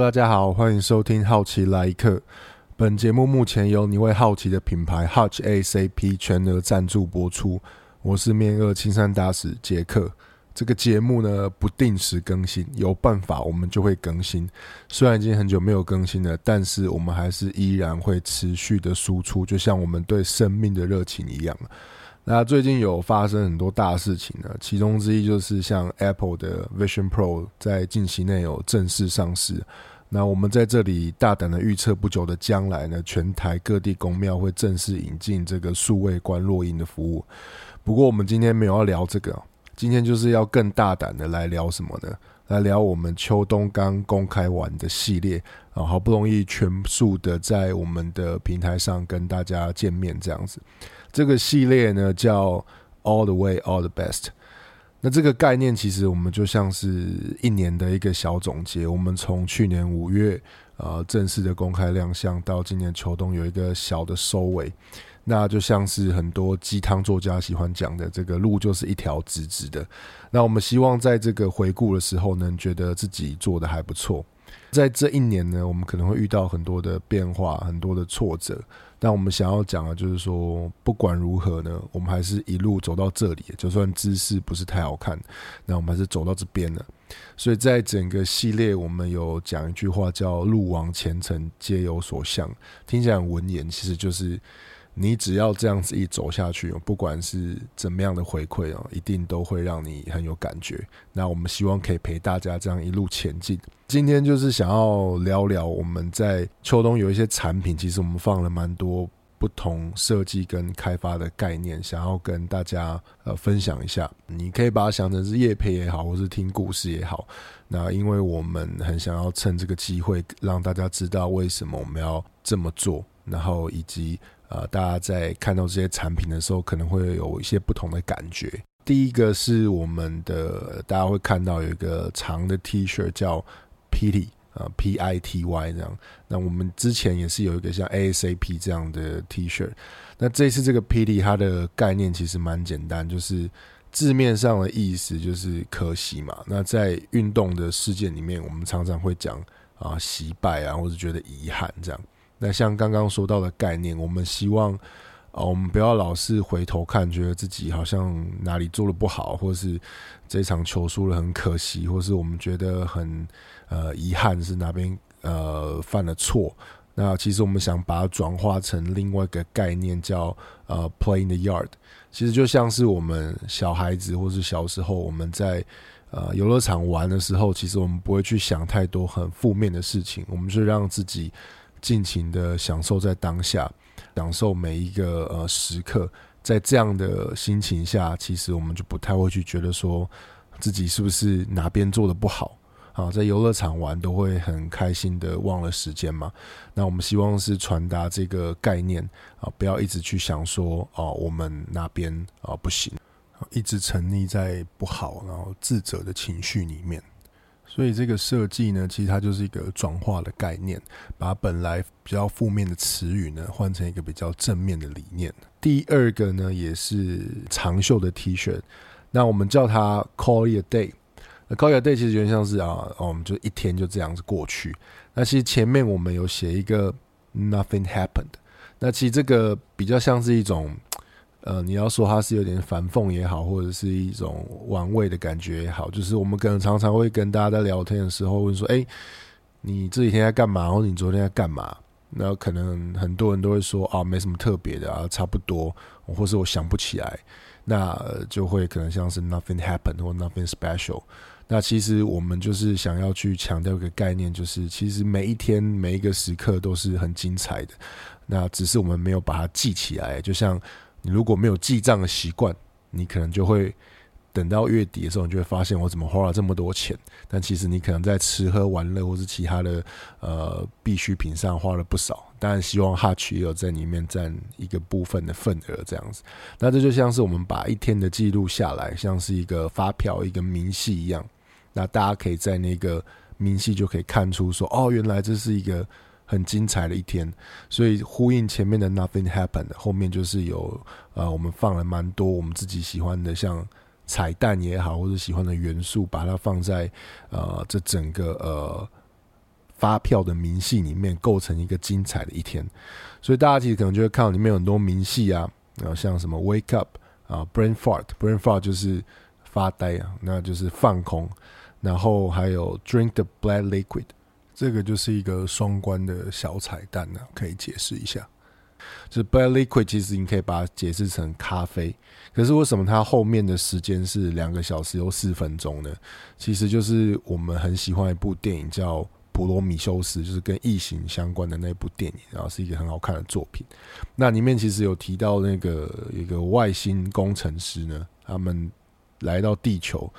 大家好，歡迎收聽《好奇來客》。本節目目前由你為好奇的品牌 HUTCH ASAP 全額贊助播出。我是面額青山大使杰克。這個節目呢，不定時更新，有辦法我們就會更新。雖然已經很久沒有更新了，但是我們還是依然會持續的輸出，就像我們對生命的熱情一樣。那最近有發生很多大事情呢，其中之一就是像 Apple 的 Vision Pro 在近期內有正式上市。那我們在這裡大膽的預測，不久的將來呢，全台各地公廟會正式引進這個數位觀落陰的服務。不過我們今天沒有要聊這個，今天就是要更大膽的來聊什麼呢？來聊我們秋冬剛剛公開完的系列啊，好不容易全數的在我們的平台上跟大家見面這樣子。這個系列呢叫 All the way, all the best。那這個概念其實我們就像是一年的一個小總結。我們從去年五月呃，正式的公開亮相，到今年秋冬有一個小的收尾。那就像是很多雞湯作家喜歡講的，這個路就是一條直直的。那我們希望在這個回顧的時候呢，覺得自己做得還不錯。在這一年呢，我們可能會遇到很多的變化，很多的挫折。但我們想要講的就是說，不管如何呢，我們還是一路走到這裡，就算姿勢不是太好看，那我們還是走到這邊了。所以在整個系列，我們有講一句話叫“路往前程皆有所向”，聽起來文言，其實就是。你只要這樣子一走下去，不管是怎麼樣的回饋哦，一定都會讓你很有感覺。那我們希望可以陪大家這樣一路前進。今天就是想要聊聊我們在秋冬有一些產品，其實我們放了蠻多不同設計跟開發的概念，想要跟大家呃分享一下。你可以把它想成是業配也好，或是聽故事也好。那因為我們很想要趁這個機會讓大家知道為什麼我們要這麼做，然後以及。啊、呃，大家在看到這些產品的時候，可能會有一些不同的感覺。第一個是我們的，大家會看到有一個長的 T 恤，叫 Pity 啊、呃、，P I T Y 這樣。那我們之前也是有一個像 A S A P 這樣的 T 恤。那這次這個 Pity 它的概念其實蠻簡單，就是字面上的意思就是可惜嘛。那在運動的世界裡面，我們常常會講啊，惜、呃、敗啊，或者覺得遺憾這樣。那像剛剛說到的概念，我們希望啊、哦，我們不要老是回頭看，覺得自己好像哪裡做的不好，或是這場球輸了很可惜，或是我們覺得很呃遺憾，是哪邊呃犯了錯。那其實我們想把它轉化成另外一個概念，叫呃 play in the yard。其實就像是我們小孩子或是小時候我們在呃遊樂場玩的時候，其實我們不會去想太多很負面的事情，我們就讓自己。盡情的享受在當下，享受每一個呃時刻，在這樣的心情下，其實我們就不太會去覺得說自己是不是哪邊做的不好啊，在遊樂場玩都會很開心的，忘了時間嘛。那我們希望是傳達這個概念啊，不要一直去想說啊，我們哪邊啊不行，一直沉溺在不好然後自責的情緒裡面。所以這個設計呢，其實它就是一個轉化的概念，把本來比較負面的詞語呢，換成一個比較正面的理念。第二個呢，也是長袖的 T 恤，那我們叫它 “Call it a day”。那 “Call it a day” 其實原像是啊，我、uh, 們、um, 就一天就這樣子過去。那其實前面我們有寫一個 “Nothing happened”，那其實這個比較像是一種。呃，你要說它是有點反諷也好，或者是一種玩味的感覺也好，就是我們可能常常會跟大家在聊天的時候問說：“哎、欸，你這幾天在幹嘛？”或者“你昨天在幹嘛？”那可能很多人都會說：“啊，沒什麼特別的啊，差不多，或是我想不起來。那”那、呃、就會可能像是 “nothing happened” 或 “nothing special”。那其實我們就是想要去強調一個概念，就是其實每一天每一個時刻都是很精彩的，那只是我們沒有把它記起來，就像。你如果沒有記賬的習慣，你可能就會等到月底的時候，你就會發現我怎麼花了這麼多錢。但其實你可能在吃喝玩樂或是其他的呃必需品上花了不少。當然，希望 HUTCH 也有在裡面占一個部分的份額這樣子。那這就像是我們把一天的記錄下來，像是一個發票、一個明細一樣。那大家可以在那個明細就可以看出說，哦，原來這是一個。很精彩的一天，所以呼應前面的 Nothing happened，後面就是有呃，我們放了蠻多我們自己喜歡的，像彩蛋也好，或者喜歡的元素，把它放在呃這整個呃發票的明細裡面，構成一個精彩的一天。所以大家其實可能就會看到裡面有很多明細啊，然後像什麼 Wake up 啊，Brain fart，Brain fart 就是發呆啊，那就是放空，然後還有 Drink the blood liquid。這個就是一個雙關的小彩蛋呢、啊，可以解釋一下。就 black liquid，其實你可以把它解釋成咖啡。可是為什麼它後面的時間是兩個小時又四分鐘呢？其實就是我們很喜歡一部電影叫《普羅米修斯》，就是跟異形相關的那部電影，然後是一個很好看的作品。那裡面其實有提到那個一個外星工程師呢，他們來到地球。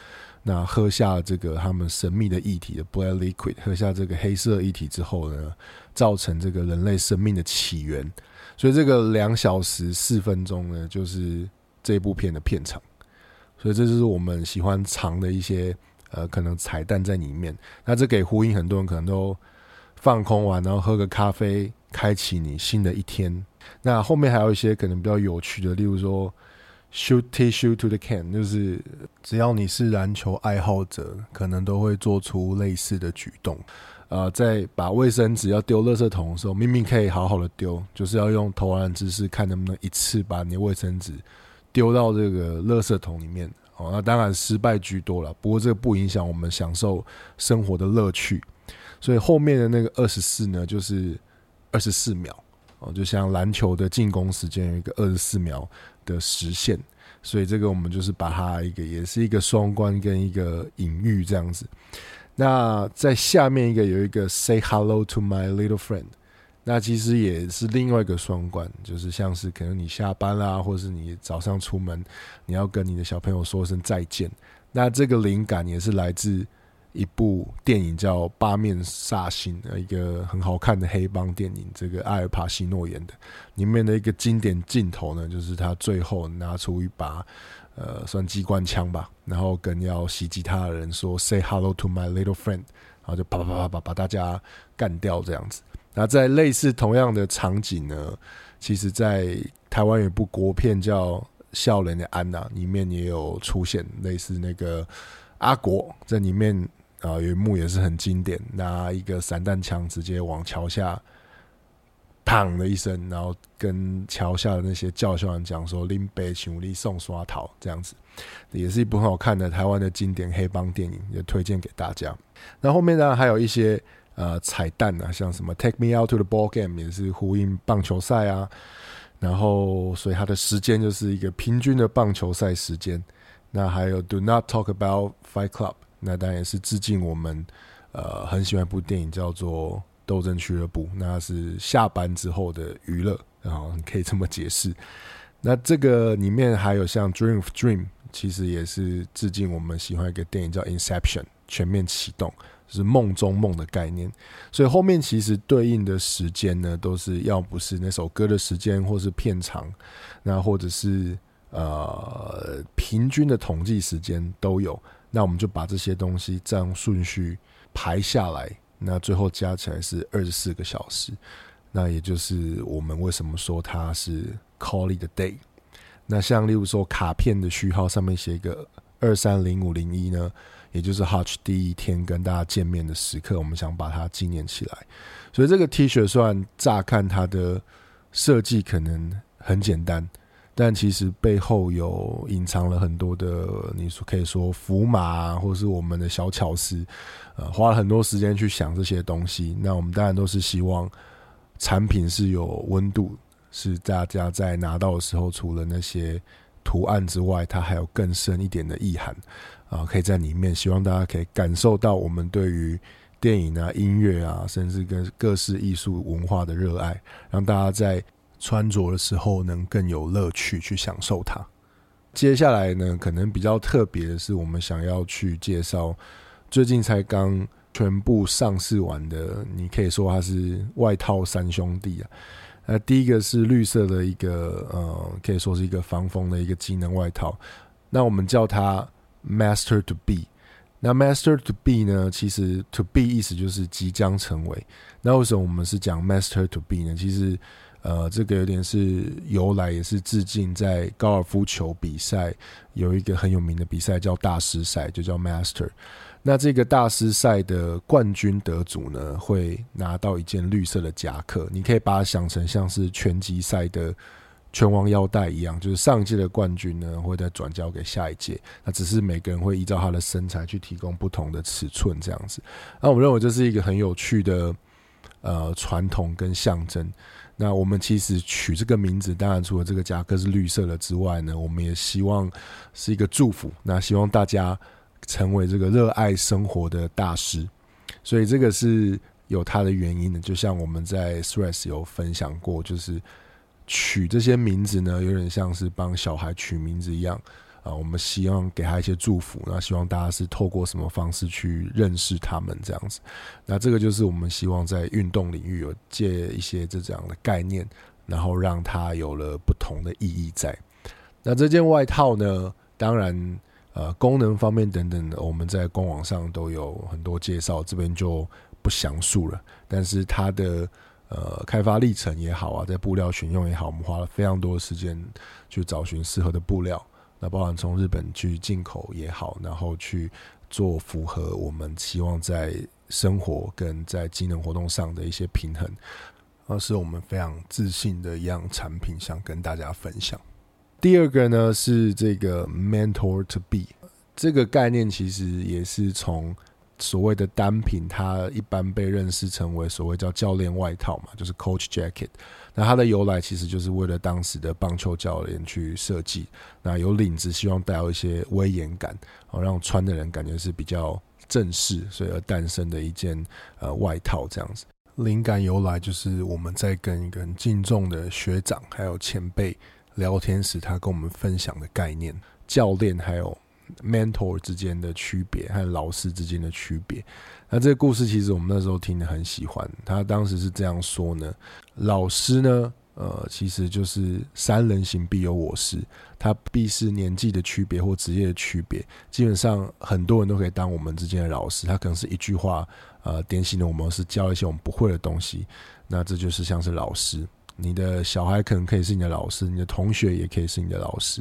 那喝下這個他們神秘的液體的 black liquid，喝下這個黑色液體之後呢，造成這個人類生命的起源。所以這個兩小時四分鐘呢，就是這部片的片長。所以這就是我們喜歡藏的一些呃可能彩蛋在裡面。那這給呼應很多人可能都放空完，然後喝個咖啡，開啟你新的一天。那後面還有一些可能比較有趣的，例如說。Shoot tissue to the can，就是只要你是籃球愛好者，可能都會做出類似的舉動。啊、呃，在把衛生紙要丟垃圾桶的時候，明明可以好好的丟，就是要用投籃姿勢，看能不能一次把你的衛生紙丟到這個垃圾桶裡面。哦，那當然失敗居多了，不過這個不影響我們享受生活的樂趣。所以後面的那個二十四呢，就是二十四秒。哦，就像籃球的進攻時間有一個二十四秒。的實現，所以這個我們就是把它一個，也是一個雙關跟一個隱喻這樣子。那在下面一個有一個 say hello to my little friend，那其實也是另外一個雙關，就是像是可能你下班啦、啊，或是你早上出門，你要跟你的小朋友說聲再見。那這個靈感也是來自。一部電影叫《八面煞星》，一個很好看的黑幫電影，這個阿爾帕西諾演的。裡面的一個經典鏡頭呢，就是他最後拿出一把，呃，算機關槍吧，然後跟要襲擊他的人說 “Say hello to my little friend”，然後就啪啪啪啪把大家幹掉這樣子。那在類似同樣的場景呢，其實在台灣有一部國片叫《笑人的安娜》，裡面也有出現類似那個阿國在裡面。啊，有一幕也是很經典，拿一個散彈槍直接往橋下，砰的一聲，然後跟橋下的那些教唆人講說，林北杯酒力送刷桃。這樣子，也是一部很好看的台灣的經典黑幫電影，也推薦給大家。那後面呢，還有一些呃彩蛋啊，像什麼 Take Me Out to the Ball Game，也是呼應棒球賽啊，然後所以它的時間就是一個平均的棒球賽時間。那還有 Do Not Talk About Fight Club。那當然也是致敬我們，呃，很喜歡一部電影叫做《鬥陣俱樂部》，那是下班之後的娛樂，然後你可以這麼解釋。那這個裡面還有像《Dream of Dream》，其實也是致敬我們喜歡一個電影叫《Inception》《全面啟動》，是夢中夢的概念。所以後面其實對應的時間呢，都是要不是那首歌的時間，或是片長，那或者是呃平均的統計時間都有。那我們就把這些東西這樣順序排下來，那最後加起來是二十四個小時，那也就是我們為什麼說它是 call it the day。那像例如說卡片的序號上面寫一個二三零五零一呢，也就是 Hutch 第一天跟大家見面的時刻，我們想把它紀念起來。所以這個 T 恤雖然乍看它的設計可能很簡單。但其實背後有隱藏了很多的，你可以說符碼，啊，或是我們的小巧思，呃，花了很多時間去想這些東西。那我們當然都是希望產品是有溫度，是大家在拿到的時候，除了那些圖案之外，它還有更深一點的意涵啊，呃，可以在裡面，希望大家可以感受到我們對於電影啊、音樂啊，甚至跟各式藝術文化的熱愛，讓大家在。穿着的時候能更有樂趣去享受它。接下來呢，可能比較特別的是，我們想要去介紹最近才剛全部上市完的，你可以說它是外套三兄弟啊。呃，第一個是綠色的一個，呃，可以說是一個防風的一個機能外套。那我們叫它 Master to be。那 Master to be 呢，其實 to be 意思就是即將成為。那為什麼我們是講 Master to be 呢？其實呃，這個有點是由來，也是致敬在高爾夫球比賽有一個很有名的比賽叫大師賽，就叫 Master。那這個大師賽的冠軍得主呢，會拿到一件綠色的夾克，你可以把它想成像是拳擊賽的拳王腰帶一樣，就是上一屆的冠軍呢會再轉交給下一屆。那只是每個人會依照他的身材去提供不同的尺寸這樣子。那、啊、我們認為這是一個很有趣的呃傳統跟象徵。那我們其實取這個名字，當然除了這個夾克是綠色的之外呢，我們也希望是一個祝福。那希望大家成為這個熱愛生活的大師，所以這個是有它的原因的。就像我們在 Stress 有分享過，就是取這些名字呢，有點像是幫小孩取名字一樣。啊，我們希望給他一些祝福。那希望大家是透過什麼方式去認識他們這樣子？那這個就是我們希望在運動領域有借一些這這樣的概念，然後讓他有了不同的意義在。那這件外套呢，當然呃，功能方面等等的，我們在官網上都有很多介紹，這邊就不詳述了。但是它的呃開發歷程也好啊，在布料選用也好，我們花了非常多的時間去找尋適合的布料。那包含從日本去進口也好，然後去做符合我們希望在生活跟在機能活動上的一些平衡，那是我們非常自信的一樣產品，想跟大家分享。第二個呢是這個 mentor to be 這個概念，其實也是從。所謂的單品，它一般被認識成為所謂叫教練外套嘛，就是 Coach Jacket。那它的由來其實就是為了當時的棒球教練去設計，那有領子，希望帶有一些威嚴感，哦，讓穿的人感覺是比較正式，所以而誕生的一件呃外套這樣子。靈感由來就是我們在跟一個很敬重的學長還有前輩聊天時，他跟我們分享的概念，教練還有。mentor 之間的區別和老師之間的區別，那這個故事其實我們那時候聽得很喜歡。他當時是這樣說呢：老師呢，呃，其實就是三人行必有我師，他必是年紀的區別或職業的區別。基本上很多人都可以當我們之間的老師，他可能是一句話，呃，典型的我們，是教一些我們不會的東西。那這就是像是老師，你的小孩可能可以是你的老師，你的同學也可以是你的老師，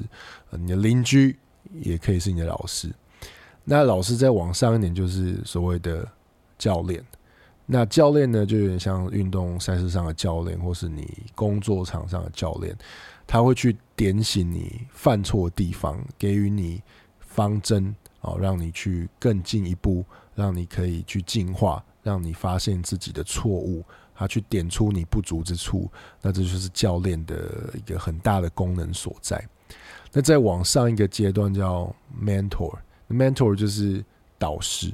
你的鄰居。也可以是你的老師，那老師再往上一點就是所謂的教練。那教練呢，就有點像運動賽事上的教練，或是你工作場上的教練，他會去點醒你犯錯的地方，給予你方針，啊、哦，讓你去更進一步，讓你可以去進化，讓你發現自己的錯誤，他、啊、去點出你不足之處。那這就是教練的一個很大的功能所在。那再往上一個階段叫 mentor，mentor mentor 就是導師。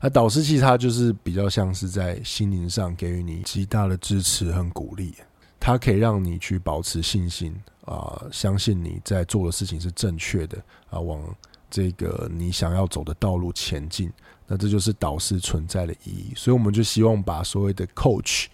那導師其實他就是比較像是在心靈上給予你極大的支持和鼓勵，他可以讓你去保持信心啊、呃，相信你在做的事情是正確的啊，往這個你想要走的道路前進。那這就是導師存在的意義，所以我們就希望把所謂的 coach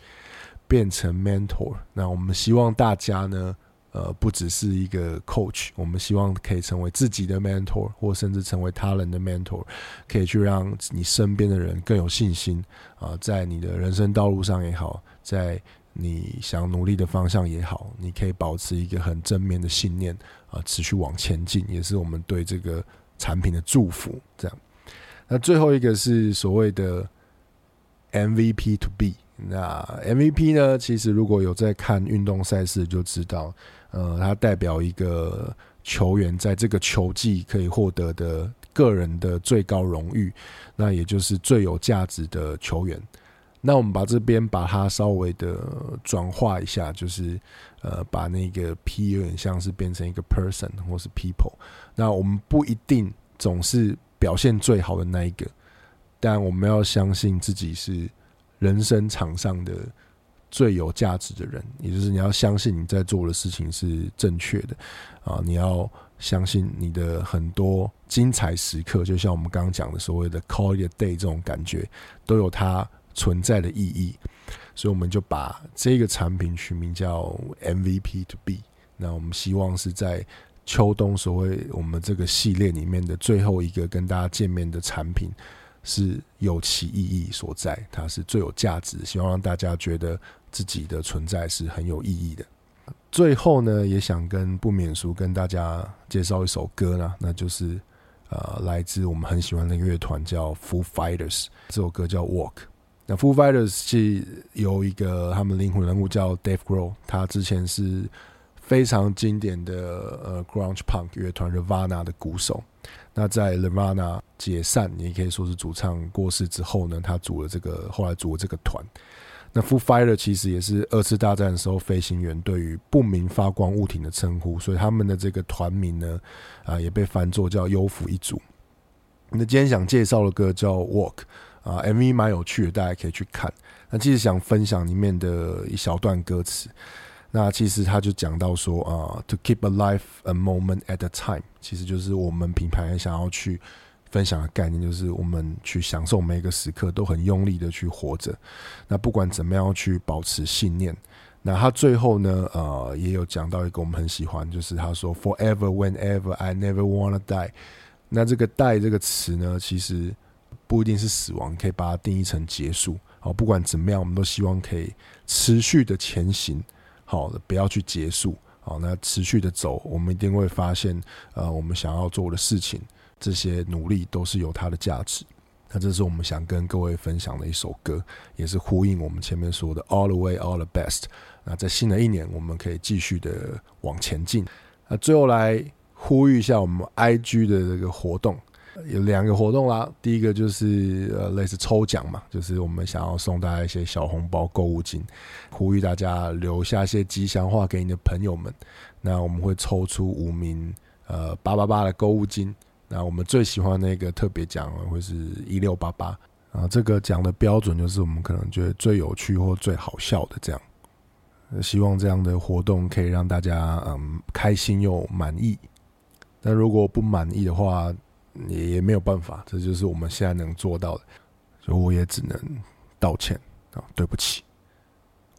變成 mentor。那我們希望大家呢。呃，不只是一個 coach，我們希望可以成為自己的 mentor，或甚至成為他人的 mentor，可以去讓你身邊的人更有信心啊、呃，在你的人生道路上也好，在你想努力的方向也好，你可以保持一個很正面的信念啊、呃，持續往前進，也是我們對這個產品的祝福。這樣，那最後一個是所謂的 MVP to be。那 MVP 呢？其實如果有在看運動賽事，就知道，呃，它代表一個球員在這個球季可以獲得的個人的最高榮譽，那也就是最有價值的球員。那我們把這邊把它稍微的轉化一下，就是呃，把那個 P 有點像是變成一個 person 或是 people。那我們不一定總是表現最好的那一個，但我們要相信自己是。人生場上的最有價值的人，也就是你要相信你在做的事情是正確的，啊，你要相信你的很多精彩時刻，就像我們剛剛講的所謂的 “call your day” 這種感覺，都有它存在的意義。所以我們就把這個產品取名叫 “MVP to be”。那我們希望是在秋冬所謂我們這個系列裡面的最後一個跟大家見面的產品。是有其意義所在，它是最有價值，希望讓大家覺得自己的存在是很有意義的。最後呢，也想跟不免俗跟大家介紹一首歌呢，那就是、呃、來自我們很喜歡的樂團叫 Foo Fighters，這首歌叫《Walk》。那 Foo Fighters 是由一個他們靈魂人物叫 Dave Grohl 他之前是，非常經典的呃 grunge punk 樂團 Nirvana 的鼓手，那在 Nirvana 解散，也可以說是主唱過世之後呢，他組了這個後來組了這個團。那 Foo Fighters 其實也是二次大戰的時候飛行員對於不明發光物體的稱呼，所以他們的這個團名呢，啊、呃、也被翻作叫幽浮一族。那今天想介紹的歌叫 Walk 啊、呃、，MV 蠻有趣的，大家可以去看。那其實想分享裡面的一小段歌詞。那其實他就講到說啊，uh，to keep a life a moment at a time，其實就是我們品牌想要去分享的概念，就是我們去享受每一個時刻都很用力的去活着。那不管怎麼樣去保持信念。那他最後呢，呃，也有講到一個我們很喜歡，就是他說，forever whenever I never wanna die。那這個 “die” 這個詞呢，其實不一定是死亡，可以把它定義成結束。好，不管怎麼樣，我們都希望可以持續的前行。好的，不要去結束，好，那持續的走，我們一定會發現，呃，我們想要做的事情，這些努力都是有它的價值。那這是我們想跟各位分享的一首歌，也是呼應我們前面說的 all the way, all the best。那在新的一年，我們可以繼續的往前進。那最後來呼籲一下我們 IG 的這個活動。有兩個活動啦，第一個就是呃類似抽獎嘛，就是我們想要送大家一些小紅包、購物金，呼籲大家留下一些吉祥話給你的朋友們。那我們會抽出五名呃八八八的購物金，那我們最喜歡那個特別獎會是一六八八啊。這個獎的標準就是我們可能覺得最有趣或最好笑的這樣。希望這樣的活動可以讓大家嗯開心又滿意。但如果不滿意的話。也也沒有辦法，這就是我們現在能做到的，所以我也只能道歉啊，對不起，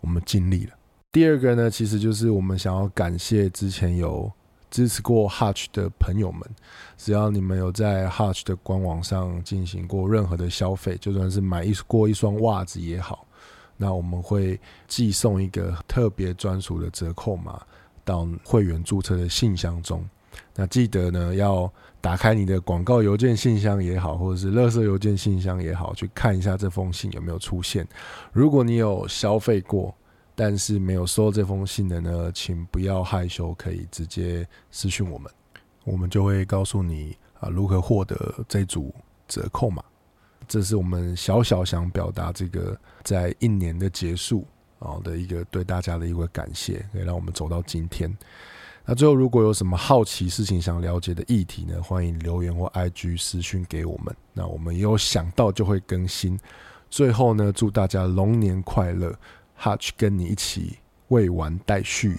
我們盡力了。第二個呢，其實就是我們想要感謝之前有支持過 Hutch 的朋友們，只要你們有在 Hutch 的官網上進行過任何的消費，就算是買一過一雙襪子也好，那我們會寄送一個特別專屬的折扣碼到會員註冊的信箱中。那記得呢，要打開你的廣告郵件信箱也好，或者是垃圾郵件信箱也好，去看一下這封信有沒有出現。如果你有消費過，但是沒有收這封信的呢，請不要害羞，可以直接私訊我們，我們就會告訴你啊，如何獲得這組折扣嘛。這是我們小小想表達這個在一年的結束啊的一個對大家的一個感謝，可以讓我們走到今天。那最後，如果有什麼好奇事情想了解的議題呢，歡迎留言或 IG 私訊給我們。那我們有想到就會更新。最後呢，祝大家龍年快樂！Hutch 跟你一起，未完待續。